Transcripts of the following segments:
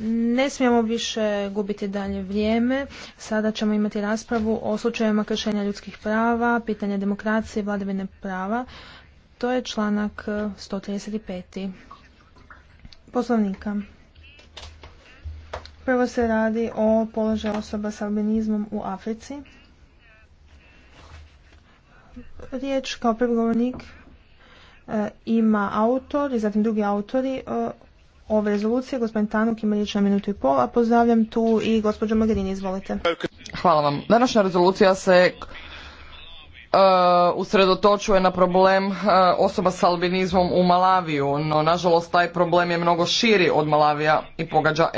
Ne smijemo više gubiti dalje vrijeme. Sada ćemo imati raspravu o slučajevima kršenja ljudskih prava, pitanja demokracije vladavine prava. To je članak 135. E, Poslovnika. Prvo se radi o položaju osoba s albinizmom u Africi. Riječ kao prvi e, ima autor i zatim drugi autori e, ove rezolucije. Gospodin Tanuk ima riječ na i pol, a pozdravljam tu i gospođu Magrini, izvolite. Hvala vam. Današnja rezolucija se Uh, usredotočuje na problem uh, osoba s albinizmom u Malaviju, no nažalost taj problem je mnogo širi od Malavija i pogađa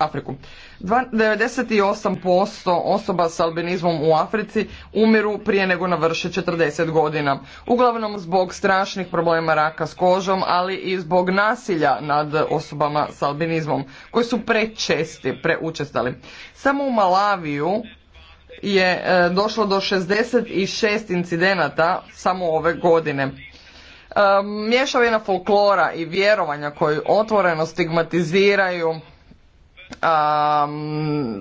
Afriku. 98% osoba s albinizmom u Africi umiru prije nego navrše 40 godina. Uglavnom zbog strašnih problema raka s kožom, ali i zbog nasilja nad osobama s albinizmom, koji su prečesti, preučestali. Samo u Malaviju je e, došlo do 66 incidenata samo ove godine. E, Mješavina folklora i vjerovanja koji otvoreno stigmatiziraju e,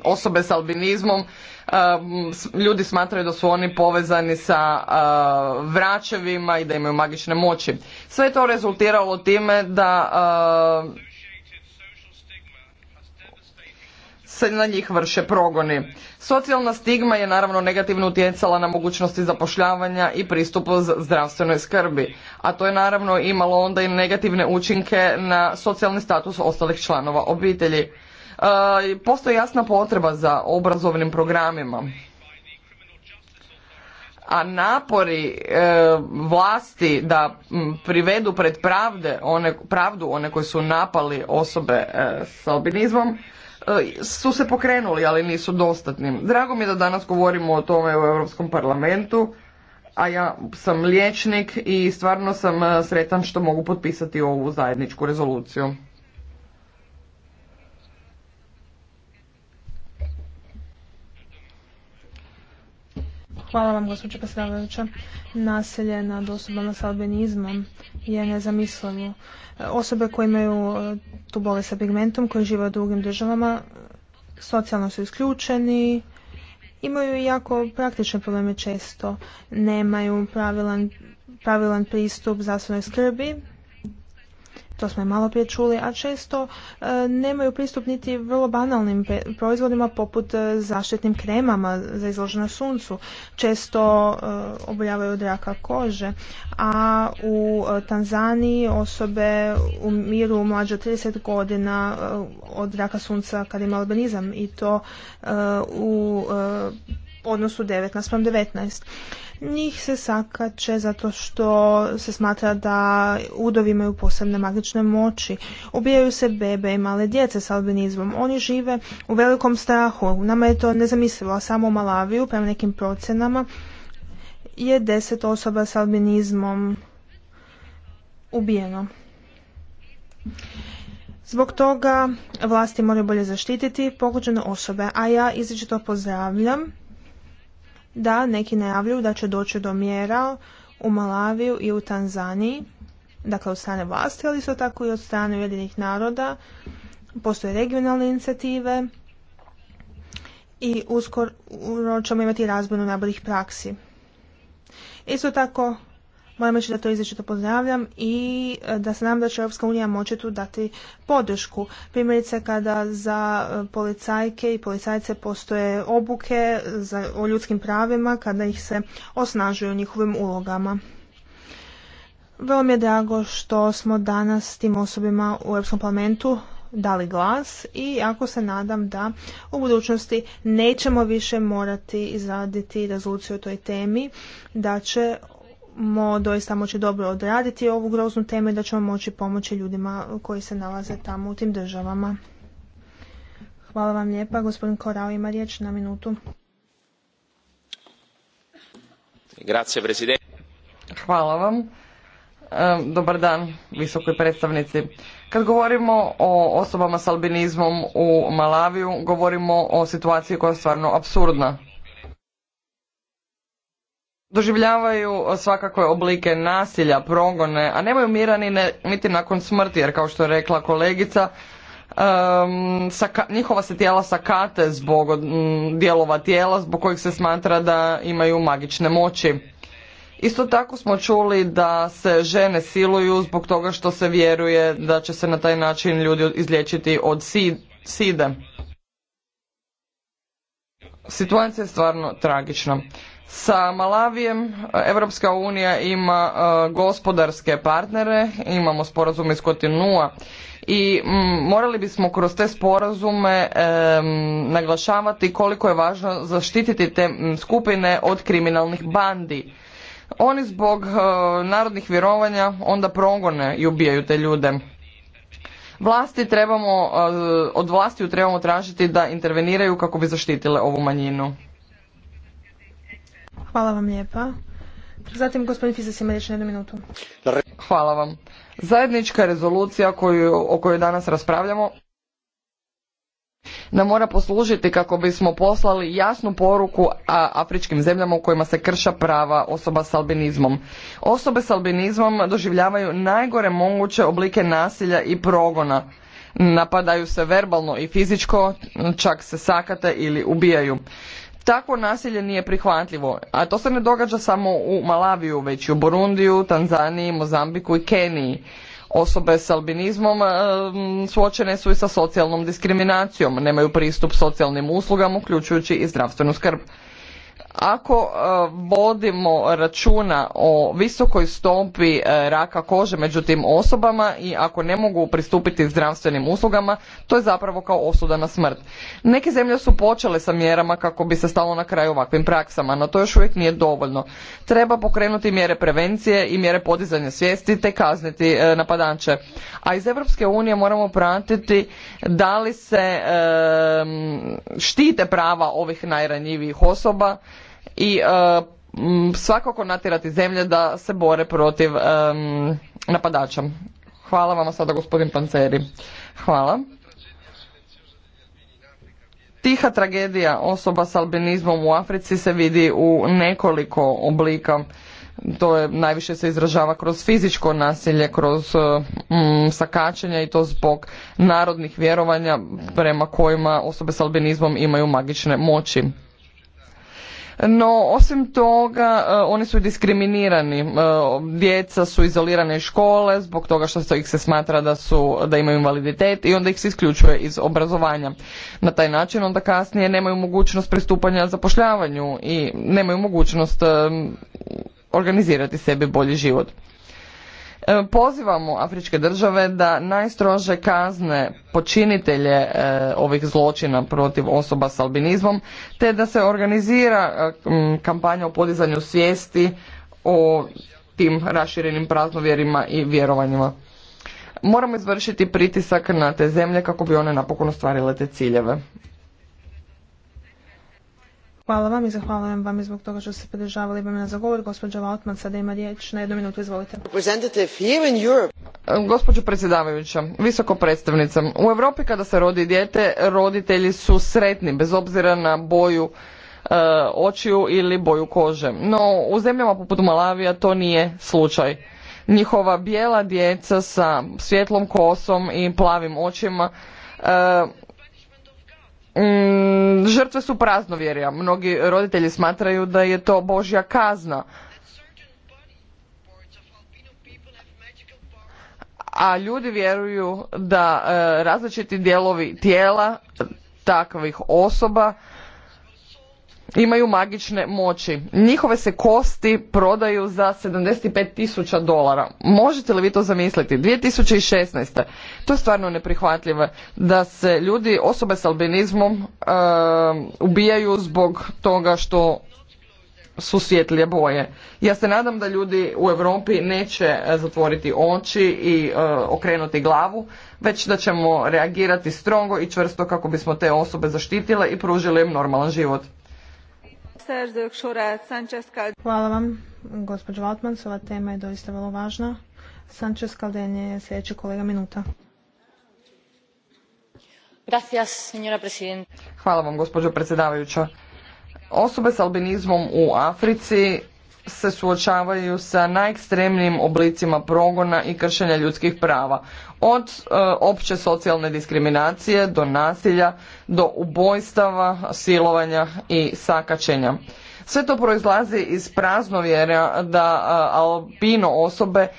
osobe s albinizmom ljudi smatraju da su oni povezani sa vraćevima i da imaju magične moći. Sve to rezultiralo time da se na njih vrše progoni. Socijalna stigma je naravno negativno utjecala na mogućnosti zapošljavanja i pristupu zdravstvenoj skrbi, a to je naravno imalo onda i negativne učinke na socijalni status ostalih članova obitelji. E, postoji jasna potreba za obrazovnim programima a napori e, vlasti da privedu pred pravde one, pravdu one koji su napali osobe e, s albinizmom E, su se pokrenuli, ali nisu dostatni. Drago mi je da danas govorimo o tome u Europskom parlamentu, a ja sam liječnik i stvarno sam e, sretan što mogu potpisati ovu zajedničku rezoluciju. Hvala vam, gospođo predsjedavajuća. Naselje nad osobama sa albinizmom je nezamislivo. Osobe koje imaju e, tu bolest sa pigmentom, koje žive u drugim državama, e, socijalno su isključeni, imaju jako praktične probleme često. Nemaju pravilan, pravilan pristup zdravstvenoj skrbi, to smo i malo prije čuli, a često e, nemaju pristup niti vrlo banalnim proizvodima poput e, zaštitnim kremama za izloženo suncu. Često e, oboljavaju od raka kože, a u e, Tanzaniji osobe u miru mlađe od 30 godina od raka sunca kad ima albanizam i to u odnosu 19 19. Njih se sakače zato što se smatra da udovi imaju posebne magične moći. Ubijaju se bebe i male djece s albinizmom. Oni žive u velikom strahu. Nama je to nezamislivo, a samo u Malaviju, prema nekim procenama, je deset osoba s albinizmom ubijeno. Zbog toga vlasti moraju bolje zaštititi pogođene osobe, a ja izričito pozdravljam da neki najavljuju da će doći do mjera u Malaviju i u Tanzaniji, dakle od strane vlasti, ali isto tako i od strane Ujedinih naroda. Postoje regionalne inicijative i uskoro ćemo imati na najboljih praksi. Isto tako Moram reći da to izrečito pozdravljam i e, da se nam da će Europska unija moći tu dati podršku. Primjerice kada za e, policajke i policajce postoje obuke za, o ljudskim pravima, kada ih se osnažuju njihovim ulogama. Vrlo mi je drago što smo danas tim osobima u Europskom parlamentu dali glas i jako se nadam da u budućnosti nećemo više morati izraditi rezoluciju o toj temi, da će ćemo doista moći dobro odraditi ovu groznu temu i da ćemo moći pomoći ljudima koji se nalaze tamo u tim državama. Hvala vam lijepa. Gospodin Korao ima riječ na minutu. Hvala vam. E, dobar dan, visokoj predstavnici. Kad govorimo o osobama s albinizmom u Malaviju, govorimo o situaciji koja je stvarno absurdna doživljavaju svakakve oblike nasilja, progone, a nemaju mirani ne, niti nakon smrti, jer kao što je rekla kolegica, njihova se tijela sakate zbog dijelova tijela zbog kojih se smatra da imaju magične moći. Isto tako smo čuli da se žene siluju zbog toga što se vjeruje da će se na taj način ljudi izlječiti od side. Situacija je stvarno tragična. Sa Malavijem eh, Evropska unija ima eh, gospodarske partnere, imamo sporazume iz Kotinua i mm, morali bismo kroz te sporazume naglašavati koliko je važno zaštititi te mm, skupine od kriminalnih bandi. Oni zbog eh, narodnih vjerovanja onda progone i ubijaju te ljude. Vlasti trebamo, e, od vlasti trebamo tražiti da interveniraju kako bi zaštitile ovu manjinu. Hvala vam lijepa. Zatim gospodin ima jednu minutu. Hvala vam. Zajednička rezolucija koju, o kojoj danas raspravljamo nam mora poslužiti kako bismo poslali jasnu poruku afričkim zemljama u kojima se krša prava osoba s albinizmom. Osobe s albinizmom doživljavaju najgore moguće oblike nasilja i progona. Napadaju se verbalno i fizičko, čak se sakate ili ubijaju. Takvo nasilje nije prihvatljivo, a to se ne događa samo u Malaviju, već i u Burundiju, Tanzaniji, Mozambiku i Keniji. Osobe s albinizmom e, suočene su i sa socijalnom diskriminacijom, nemaju pristup socijalnim uslugama uključujući i zdravstvenu skrb. Ako e, vodimo računa o visokoj stopi e, raka kože među tim osobama i ako ne mogu pristupiti zdravstvenim uslugama, to je zapravo kao osuda na smrt. Neke zemlje su počele sa mjerama kako bi se stalo na kraju ovakvim praksama, no to još uvijek nije dovoljno. Treba pokrenuti mjere prevencije i mjere podizanja svijesti te kazniti e, napadanče. A iz Europske unije moramo pratiti da li se štite prava ovih najranjivijih osoba i e, svakako natjerati zemlje da se bore protiv e, napadača. Hvala vam sada gospodin Panceri. Hvala. Tiha tragedija osoba s albinizmom u Africi se vidi u nekoliko oblika. To je najviše se izražava kroz fizičko nasilje, kroz mm, e, sakačenja i to zbog narodnih vjerovanja prema kojima osobe s albinizmom imaju magične moći. No, osim toga, e, oni su diskriminirani. E, djeca su izolirane iz škole zbog toga što ih se smatra da, su, da imaju invaliditet i onda ih se isključuje iz obrazovanja. Na taj način onda kasnije nemaju mogućnost pristupanja zapošljavanju i nemaju mogućnost e, organizirati sebi bolji život. E, pozivamo afričke države da najstrože kazne počinitelje e, ovih zločina protiv osoba s albinizmom, te da se organizira e, kampanja o podizanju svijesti o tim raširenim praznovjerima i vjerovanjima. Moramo izvršiti pritisak na te zemlje kako bi one napokon ostvarile te ciljeve. Hvala vam i zahvaljujem vam i zbog toga što ste podržavali vam za govor. Gospođa Valtman sada ima riječ. Na jednu minutu izvolite. Gospođo predsjedavajuća, visoko predstavnica, u Europi kada se rodi dijete, roditelji su sretni bez obzira na boju e, očiju ili boju kože. No u zemljama poput Malavija to nije slučaj. Njihova bijela djeca sa svjetlom kosom i plavim očima e, Mm, žrtve su praznovjerja. Mnogi roditelji smatraju da je to božja kazna. A ljudi vjeruju da e, različiti dijelovi tijela takvih osoba imaju magične moći. Njihove se kosti prodaju za 75 tisuća dolara. Možete li vi to zamisliti? 2016. To je stvarno neprihvatljivo da se ljudi, osobe s albinizmom, ehm, ubijaju zbog toga što su svjetlije boje. Ja se nadam da ljudi u Europi neće e, zatvoriti oči i e, okrenuti glavu, već da ćemo reagirati strongo i čvrsto kako bismo te osobe zaštitile i pružili im normalan život. Hvala vam, gospođo Valtmans. Ova tema je doista vrlo važna. Sanchez Calden je sljedeći kolega minuta. Hvala vam, gospođo predsjedavajuća. Osobe s albinizmom u Africi se suočavaju sa najekstremnijim oblicima progona i kršenja ljudskih prava. Od e, opće socijalne diskriminacije do nasilja, do ubojstava, silovanja i sakačenja. Sve to proizlazi iz praznovjera da e, albino osobe e,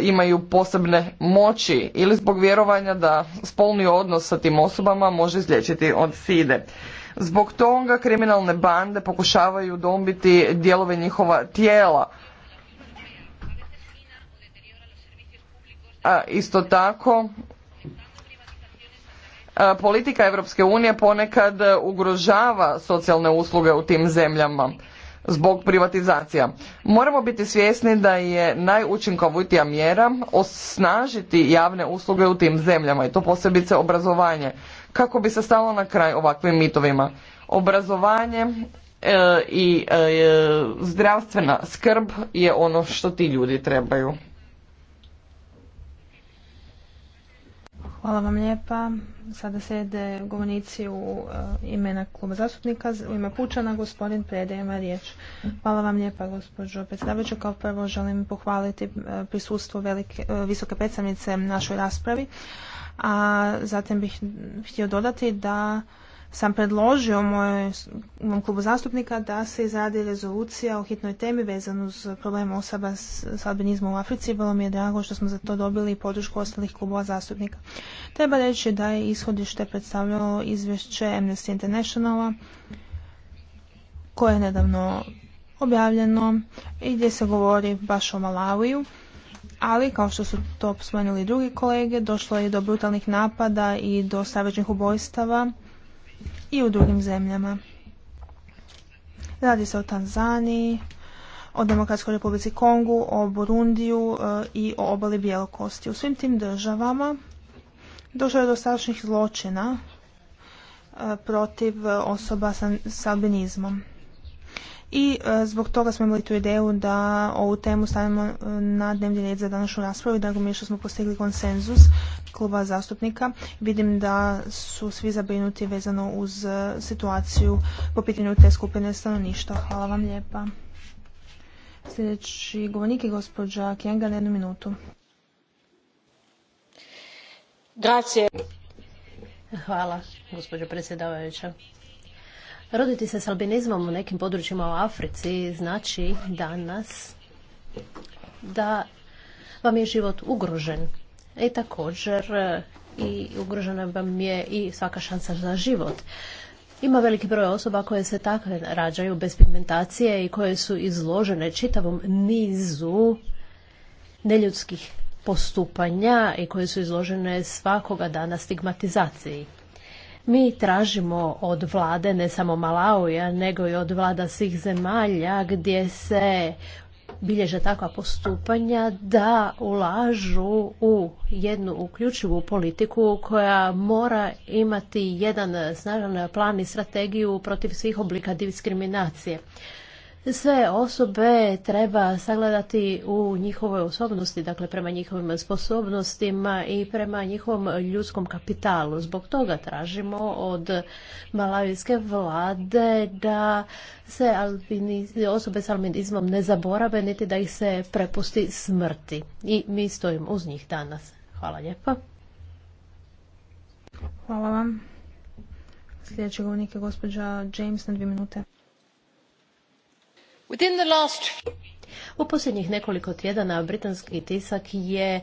imaju posebne moći ili zbog vjerovanja da spolni odnos sa tim osobama može izlječiti od side. Zbog toga kriminalne bande pokušavaju dombiti dijelove njihova tijela. A isto tako, politika Europske unije ponekad ugrožava socijalne usluge u tim zemljama zbog privatizacija. Moramo biti svjesni da je najučinkovitija mjera osnažiti javne usluge u tim zemljama i to posebice obrazovanje kako bi se stalo na kraj ovakvim mitovima. Obrazovanje e, i e, zdravstvena skrb je ono što ti ljudi trebaju. Hvala vam lijepa. Sada slijede govornici u e, imena kluba zastupnika, u ime Pučana, gospodin Prede ima riječ. Hvala vam lijepa, gospođo predstavljajuću. Kao prvo želim pohvaliti prisustvo velike, visoke predstavnice našoj raspravi a zatim bih htio dodati da sam predložio moj, klubu zastupnika da se izradi rezolucija o hitnoj temi vezano uz problem osoba s, albinizmom u Africi. Vrlo mi je drago što smo za to dobili i podršku ostalih klubova zastupnika. Treba reći da je ishodište predstavljalo izvješće Amnesty Internationala koje je nedavno objavljeno i gdje se govori baš o Malaviju ali kao što su to spomenuli drugi kolege, došlo je do brutalnih napada i do savječnih ubojstava i u drugim zemljama. Radi se o Tanzaniji, o Demokratskoj republici Kongu, o Burundiju e, i o obali Bjelokosti. U svim tim državama došlo je do strašnih zločina e, protiv osoba sa albinizmom i e, zbog toga smo imali tu ideju da ovu temu stavimo e, na dnevni red za današnju raspravu i da mi što smo postigli konsenzus kluba zastupnika. Vidim da su svi zabrinuti vezano uz e, situaciju po pitanju te skupine stanovništva. Hvala vam lijepa. Sljedeći govornik je gospođa Kjenga na jednu minutu. Grazie. Hvala, gospođo predsjedavajuća. Roditi se s albinizmom u nekim područjima u Africi znači danas da vam je život ugrožen. I e, također i ugrožena vam je i svaka šansa za život. Ima veliki broj osoba koje se takve rađaju bez pigmentacije i koje su izložene čitavom nizu neljudskih postupanja i koje su izložene svakoga dana stigmatizaciji. Mi tražimo od vlade, ne samo Malauja, nego i od vlada svih zemalja gdje se bilježe takva postupanja da ulažu u jednu uključivu politiku koja mora imati jedan snažan plan i strategiju protiv svih oblika diskriminacije sve osobe treba sagledati u njihovoj osobnosti, dakle prema njihovim sposobnostima i prema njihovom ljudskom kapitalu. Zbog toga tražimo od malavijske vlade da se osobe s albinizmom ne zaborave, niti da ih se prepusti smrti. I mi stojimo uz njih danas. Hvala lijepa. Hvala vam. Sljedeći govornik je gospođa James na dvije minute. U posljednjih nekoliko tjedana britanski tisak je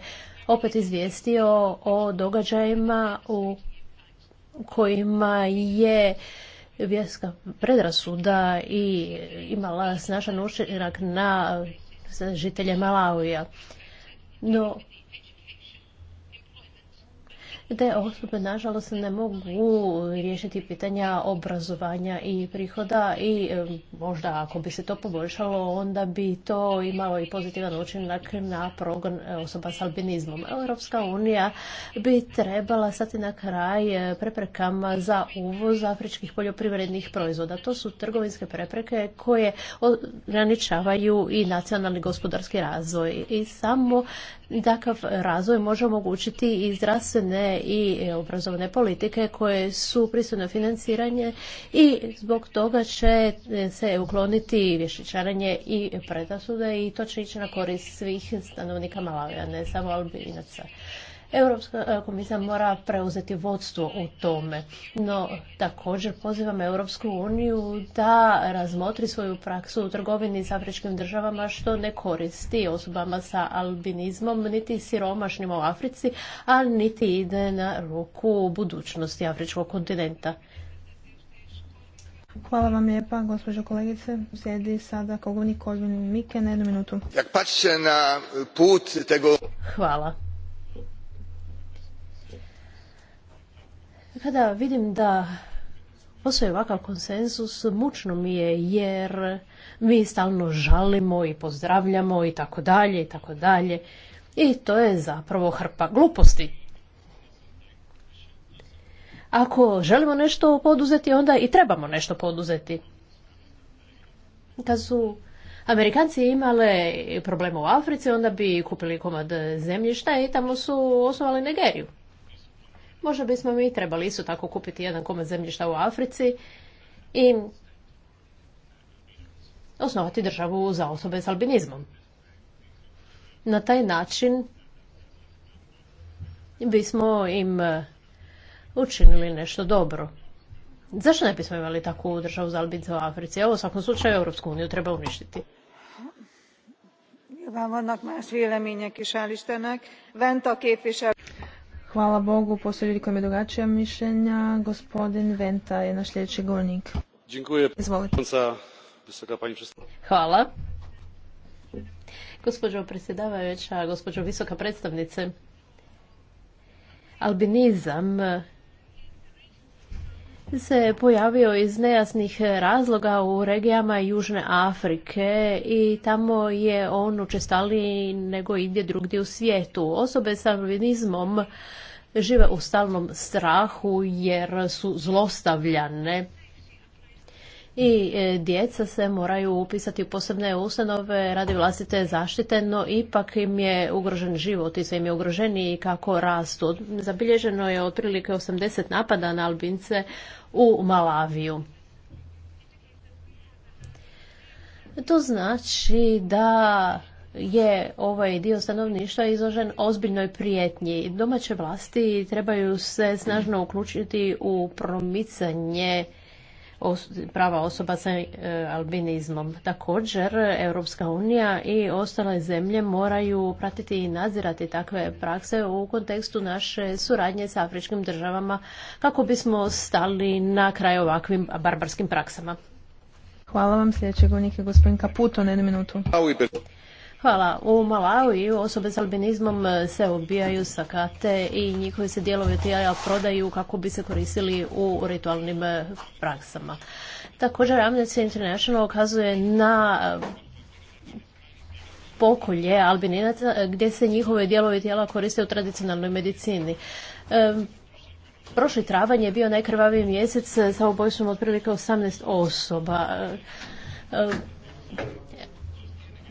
opet izvijestio o događajima u kojima je vjerska predrasuda i imala snažan učinak na žitelje Malauja. No, te osobe nažalost ne mogu riješiti pitanja obrazovanja i prihoda i e, možda ako bi se to poboljšalo onda bi to imalo i pozitivan učinak na progon e, osoba s albinizmom. Europska unija bi trebala stati na kraj e, preprekama za uvoz afričkih poljoprivrednih proizvoda. To su trgovinske prepreke koje ograničavaju i nacionalni gospodarski razvoj i samo takav razvoj može omogućiti i zdravstvene i obrazovne politike koje su prisutno financiranje i zbog toga će se ukloniti vješičaranje i predasude i to će ići na korist svih stanovnika Malavija, ne samo Albinaca. Europska e, komisija mora preuzeti vodstvo u tome. No, također pozivam Europsku uniju da razmotri svoju praksu u trgovini s afričkim državama što ne koristi osobama sa albinizmom, niti siromašnjima u Africi, a niti ide na ruku budućnosti afričkog kontinenta. Hvala vam lijepa, gospođo kolegice. Sjedi sada kogovnik Kolvin Mike na jednu minutu. na put tego... Hvala. Kada vidim da postoji ovakav konsenzus, mučno mi je jer mi stalno žalimo i pozdravljamo i tako dalje i tako dalje. I to je zapravo hrpa gluposti. Ako želimo nešto poduzeti, onda i trebamo nešto poduzeti. Kad su Amerikanci imale problema u Africi, onda bi kupili komad zemljišta i tamo su osnovali Nigeriju. Možda bismo mi trebali isto tako kupiti jedan komad zemljišta u Africi i osnovati državu za osobe s albinizmom. Na taj način bismo im e, učinili nešto dobro. Zašto ne bismo imali takvu državu za albince u Africi? Evo, u svakom slučaju Europsku uniju treba uništiti. Vam vannak más vélemények is elistenek. Vent a képviselő. Hvala Bogu, postoji ljudi koji imaju drugačija mišljenja. Gospodin Venta je naš sljedeći govornik. Izvolite. Hvala. Gospođo predsjedavajuća, gospođo visoka predstavnice, albinizam se pojavio iz nejasnih razloga u regijama Južne Afrike i tamo je on učestaliji nego igdje drugdje u svijetu. Osobe sa albinizmom žive u stalnom strahu jer su zlostavljane i e, djeca se moraju upisati u posebne ustanove radi vlastite zaštite, no ipak im je ugrožen život i sve im je ugroženiji kako rastu. Zabilježeno je otprilike 80 napada na albince u Malaviju. To znači da je ovaj dio stanovništva izložen ozbiljnoj prijetnji. Domaće vlasti trebaju se snažno uključiti u promicanje prava osoba sa e, albinizmom. Također, Europska unija i ostale zemlje moraju pratiti i nadzirati takve prakse u kontekstu naše suradnje sa afričkim državama kako bismo stali na kraj ovakvim barbarskim praksama. Hvala vam. sljedećeg, unika, gospodin Kaputo na jednu minutu. Hvala. U Malawi osobe s albinizmom e, se obijaju sa kate i njihovi se dijelovi tijela prodaju kako bi se koristili u ritualnim e, praksama. Također Amnesty International ukazuje na e, pokolje albininaca gdje se njihove dijelovi tijela koriste u tradicionalnoj medicini. prošli travanj je bio najkrvaviji mjesec sa ubojstvom otprilike 18 osoba.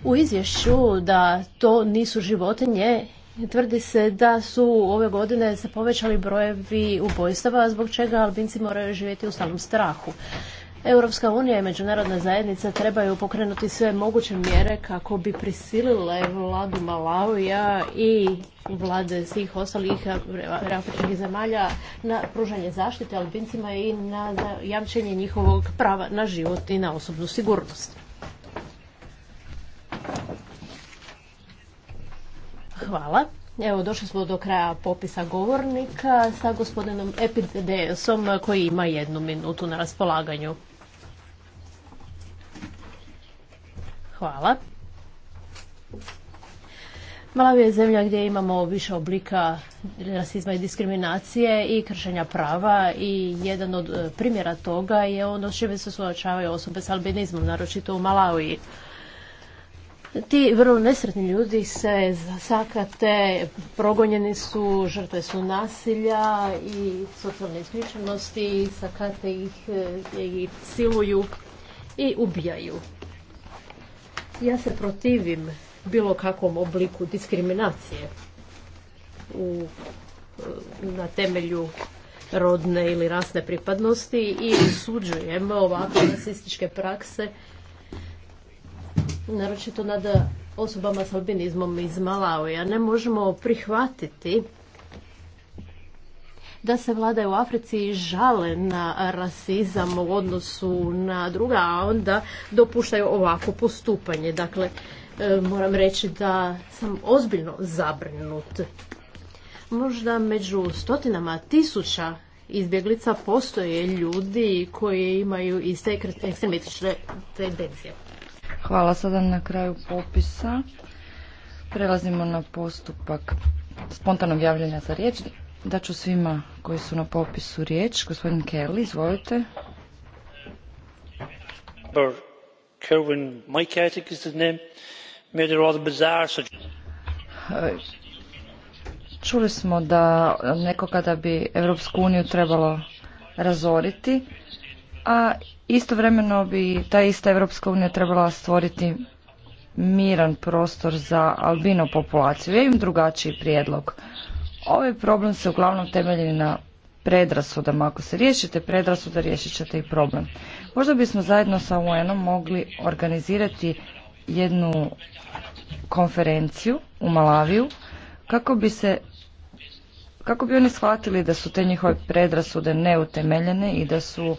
U izvješću da to nisu životinje tvrdi se da su ove godine se povećali brojevi ubojstava zbog čega albinci moraju živjeti u stalnom strahu. Europska unija i međunarodna zajednica trebaju pokrenuti sve moguće mjere kako bi prisilile vladu Malavija i vlade svih ostalih afričkih zemalja na pružanje zaštite albincima i na jamčenje njihovog prava na život i na osobnu sigurnost. Hvala. Evo, došli smo do kraja popisa govornika sa gospodinom Epidesom koji ima jednu minutu na raspolaganju. Hvala. Malavija je zemlja gdje imamo više oblika rasizma i diskriminacije i kršenja prava i jedan od primjera toga je ono s se suočavaju osobe s albinizmom, naročito u Malaviji. Ti vrlo nesretni ljudi se zasakate, progonjeni su, žrtve su nasilja i socijalne isključenosti, sakate ih e, i siluju i ubijaju. Ja se protivim bilo kakvom obliku diskriminacije e, na temelju rodne ili rasne pripadnosti i osuđujem ovakve rasističke prakse naročito nad osobama s albinizmom iz Malauja. Ne možemo prihvatiti da se vlade u Africi žale na rasizam u odnosu na druga, a onda dopuštaju ovako postupanje. Dakle, e, moram reći da sam ozbiljno zabrinut. Možda među stotinama tisuća izbjeglica postoje ljudi koji imaju iste ekstremistične tendencije. Hvala. Sada na kraju popisa prelazimo na postupak spontanog javljanja za riječ. ću svima koji su na popisu riječ. Gospodin Kelly, izvolite. Eh, čuli smo da neko kada bi Europsku uniju trebalo razoriti, a Istovremeno bi ta ista Europska unija trebala stvoriti miran prostor za albino populaciju. Ja imam drugačiji prijedlog. Ovaj problem se uglavnom temelji na predrasudama. Ako se riješite predrasuda, riješit ćete i problem. Možda bismo zajedno sa UN-om mogli organizirati jednu konferenciju u Malaviju kako bi se kako bi oni shvatili da su te njihove predrasude neutemeljene i da su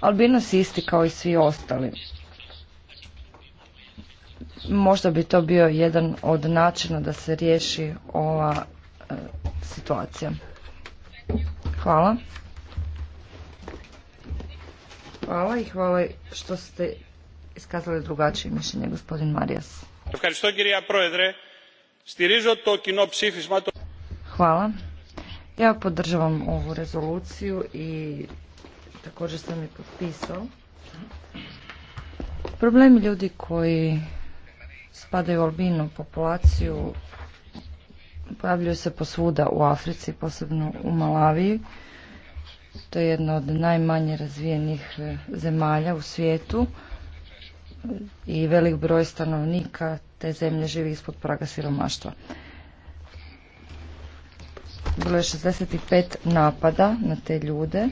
Albinos je isti kao i svi ostali. Možda bi to bio jedan od načina da se riješi ova e, situacija. Hvala. Hvala i hvala što ste iskazali drugačije mišljenje, gospodin Marijas. Hvala. Ja podržavam ovu rezoluciju i također sam i potpisao. Problemi ljudi koji spadaju u albinu populaciju pojavljuju se posvuda u Africi, posebno u Malaviji. To je jedna od najmanje razvijenih e, zemalja u svijetu i velik broj stanovnika te zemlje živi ispod praga siromaštva. Bilo je 65 napada na te ljude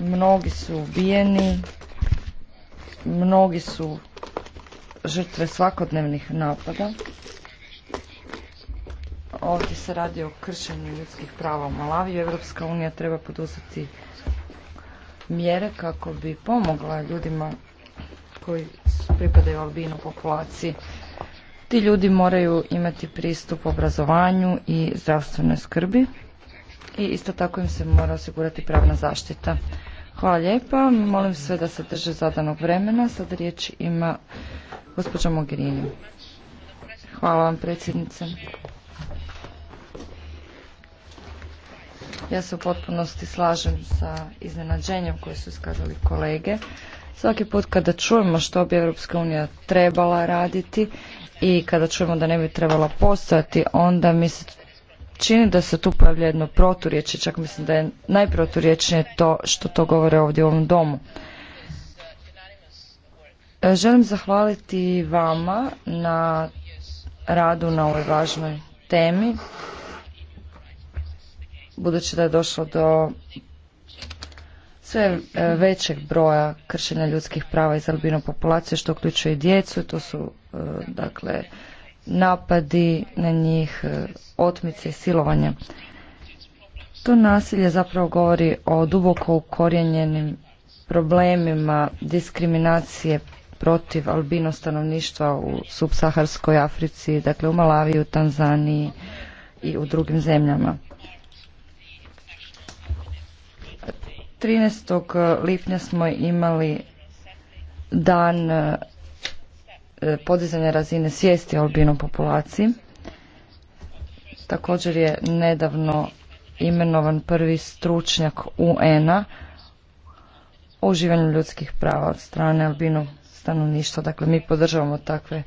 mnogi su ubijeni, mnogi su žrtve svakodnevnih napada. Ovdje se radi o kršenju ljudskih prava u Malaviju. Evropska unija treba poduzeti mjere kako bi pomogla ljudima koji pripadaju albinu populaciji. Ti ljudi moraju imati pristup obrazovanju i zdravstvenoj skrbi i isto tako im se mora osigurati pravna zaštita. Hvala lijepa. Molim sve da se drže zadanog vremena. Sada riječ ima gospođa Mogherini. Hvala vam predsjednice. Ja se u potpunosti slažem sa iznenađenjem koje su iskazali kolege. Svaki put kada čujemo što bi Europska unija trebala raditi i kada čujemo da ne bi trebala postojati, onda mi čini da se tu pojavlja jedno proturječje, čak mislim da je najproturječnije to što to govore ovdje u ovom domu. E, želim zahvaliti vama na radu na ovoj važnoj temi, budući da je došlo do sve e, većeg broja kršenja ljudskih prava iz albino populacije, što uključuje i djecu, to su e, dakle napadi na njih, e, otmice i silovanja. To nasilje zapravo govori o duboko ukorijenjenim problemima diskriminacije protiv albino stanovništva u subsaharskoj Africi, dakle u u Tanzaniji i u drugim zemljama. 13. lipnja smo imali dan e, E, podizanje razine svijesti o albinom populaciji. Također je nedavno imenovan prvi stručnjak UN-a o uživanju ljudskih prava od strane albinog stanovništva. Dakle, mi podržavamo takve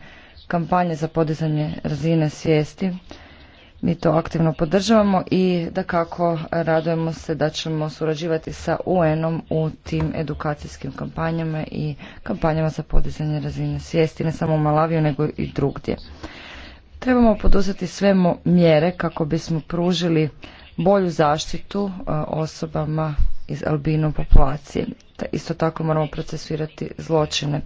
kampanje za podizanje razine svijesti mi to aktivno podržavamo i da kako radujemo se da ćemo surađivati sa UN-om u tim edukacijskim kampanjama i kampanjama za podizanje razine svijesti ne samo u Malaviju nego i drugdje. Trebamo poduzeti sve mjere kako bismo pružili bolju zaštitu e, osobama iz albino populacije. Isto tako moramo procesuirati zločine.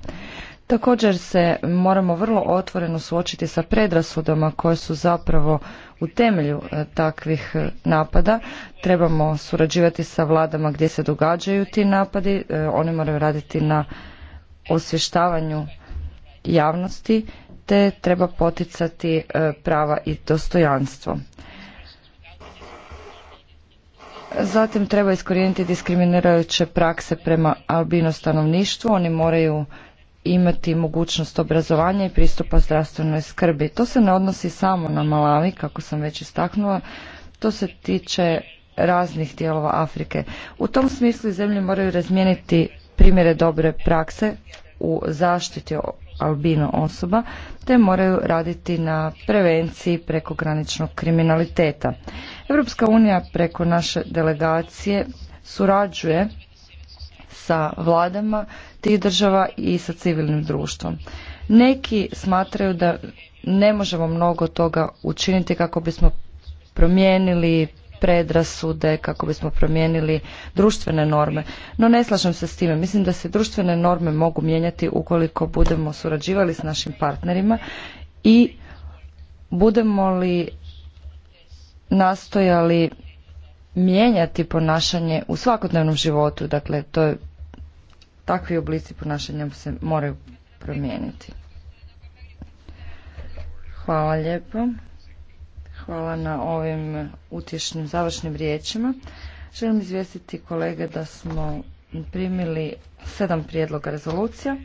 Također se moramo vrlo otvoreno suočiti sa predrasudama koje su zapravo u temelju e, takvih e, napada. Trebamo surađivati sa vladama gdje se događaju ti napadi. E, oni moraju raditi na osvještavanju javnosti te treba poticati prava i dostojanstvo. Zatim treba iskorijeniti diskriminirajuće prakse prema albino stanovništvu. Oni moraju imati mogućnost obrazovanja i pristupa zdravstvenoj skrbi. To se ne odnosi samo na Malavi, kako sam već istaknula, to se tiče raznih dijelova Afrike. U tom smislu zemlje moraju razmijeniti primjere dobre prakse u zaštiti albino osoba, te moraju raditi na prevenciji prekograničnog kriminaliteta. Europska unija preko naše delegacije surađuje sa vladama tih država i sa civilnim društvom. Neki smatraju da ne možemo mnogo toga učiniti kako bismo promijenili predrasude, kako bismo promijenili društvene norme. No ne slažem se s time. Mislim da se društvene norme mogu mijenjati ukoliko budemo surađivali s našim partnerima i budemo li nastojali mijenjati ponašanje u svakodnevnom životu. Dakle, to je takvi oblici ponašanja se moraju promijeniti. Hvala lijepo. Hvala na ovim utješnim završnim riječima. Želim izvijestiti kolege da smo primili sedam prijedloga rezolucija.